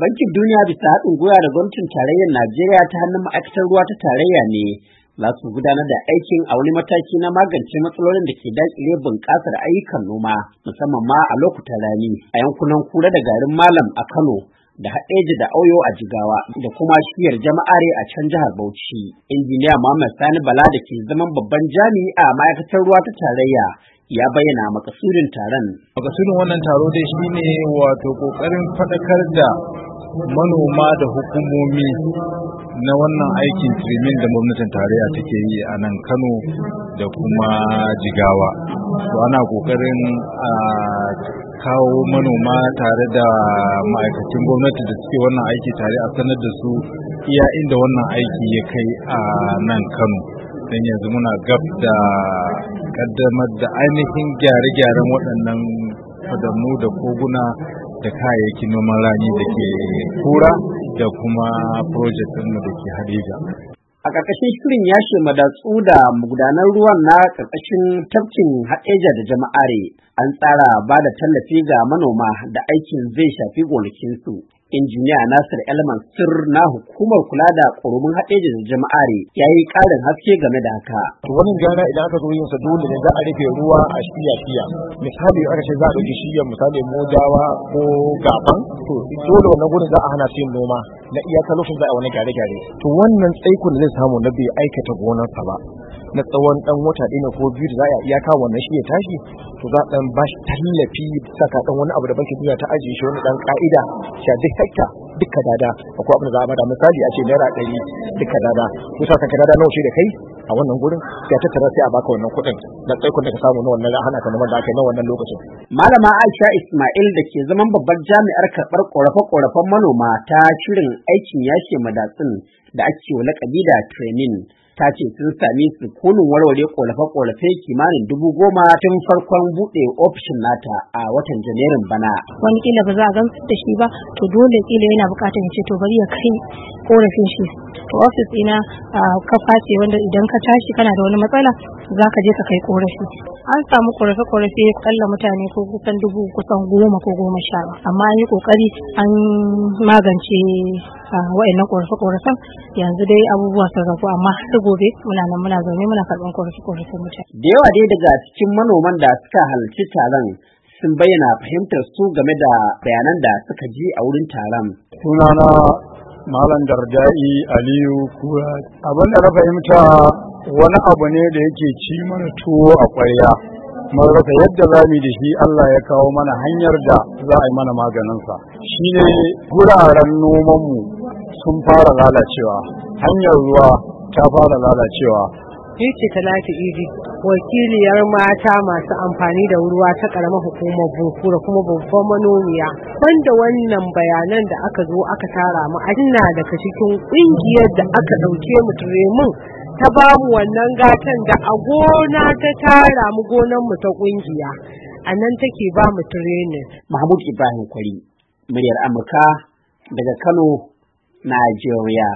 Bankin Duniya bisa haɗin gwiwa da gwamnatin tarayyar Najeriya ta hannun ma'aikatar ruwa ta tarayya ne za su gudanar da aikin a wani mataki na magance matsalolin da ke daƙile bunƙasar ayyukan noma musamman ma a lokutan rani a yankunan kura da garin Malam a Kano da Haɗeji da Auyo a Jigawa da kuma shiyar jama'are a can jihar Bauchi. Injiniya Muhammad Sani Bala da ke zaman babban jami'i a ma'aikatar ruwa ta tarayya ya bayyana makasudin taron. Makasudin wannan taro dai shine wato ƙoƙarin faɗakar da manoma da hukumomi na wannan aikin tirimin da gwamnatin tarayya take yi a nan kano da kuma jigawa to ana kokarin a kawo manoma tare da ma'aikacin gwamnati da suke wannan aiki tare a sanar da su iya inda wannan aiki ya kai a nan kano don yanzu muna gab da kaddamar da ainihin gyare-gyaren waɗannan fadamu da koguna da kayayyakin noman rani da ke kura da kuma project din da ke Hadija. A ƙarƙashin shirin yashe madatsu da magudanan ruwan na ƙarƙashin tafkin haɗeja da jama'are an tsara ba da tallafi ga manoma da aikin zai shafi gonakinsu injiniya nasir elman sir na hukumar kula da ƙoromin da jama'are ya yi ƙarin haske game da haka. to wani gyara idan aka zo yin sa dole ne za a rufe ruwa a shiya shiya misali aka ce za a ɗauki shiyan misali mojawa ko gaban to dole wannan gudun za a hana su yin noma na iyaka lokacin za a wani gyare-gyare to wannan tsaikon da zai samu na bai aikata gonarsa ba na tsawon dan wata ɗaya ko biyu da za a iya kawo wannan shi ya tashi to za a ba shi tallafi saka dan wani abu da banki duniya ta ajiye shi wani dan ka'ida sha duk hakka duka dada akwai abin da za a bada misali a ce naira ɗari duka dada ko sa ka dada nawa shi da kai a wannan gurin ya tattara sai a baka wannan kuɗin da tsaikon da ka samu na wannan hana ka neman da kai na wannan lokacin. Malama Aisha Ismail da ke zaman babbar jami'ar karɓar ƙorafe-ƙorafen manoma ta shirin aikin yashe madatsin da ake wa laƙabi da training ta ce sun sami sukunin warware korafe-korafe kimanin dubu goma tun farkon buɗe ofishin nata a watan janairun bana. Wani kila ba za a gamsu da shi ba to dole kila yana bukatar ya ce to bari ya kai korafin shi. To ofis ina kafa ce wanda idan ka tashi kana da wani matsala za ka je ka kai korafi. An samu korafe-korafe kalla mutane ko kusan dubu kusan goma ko goma sha amma an yi kokari an magance na korafe-korafen yanzu dai abubuwa sun ragu amma su gobe muna nan muna zaune muna karɓar korafe-korafen mutane. Da yawa dai daga cikin manoman da suka halarci taron sun bayyana fahimtar su game da bayanan da suka ji a wurin taron. Sunana Malam Darja'i Aliyu Kura. Abin da na fahimta wani abu ne da yake ci mana tuwo a ƙwarya. Marasa yadda za mu da shi Allah ya kawo mana hanyar da za a yi mana maganinsa shi ne guraren nomanmu sun fara lalacewa hanyar ruwa ta fara lalacewa ce talata iri, wakiliyar mata masu amfani da ruwa ta karamar hukumar bunkura kuma babban manomiya wanda wannan bayanan da aka zo aka tara mu ina daga cikin kungiyar da aka dauke mu turemin ta babu wannan gatan da a gona ta tara mu gonan mu ta kungiya a nan take ba mu training mahmud ibrahim kwari muryar amurka daga kano 那就要。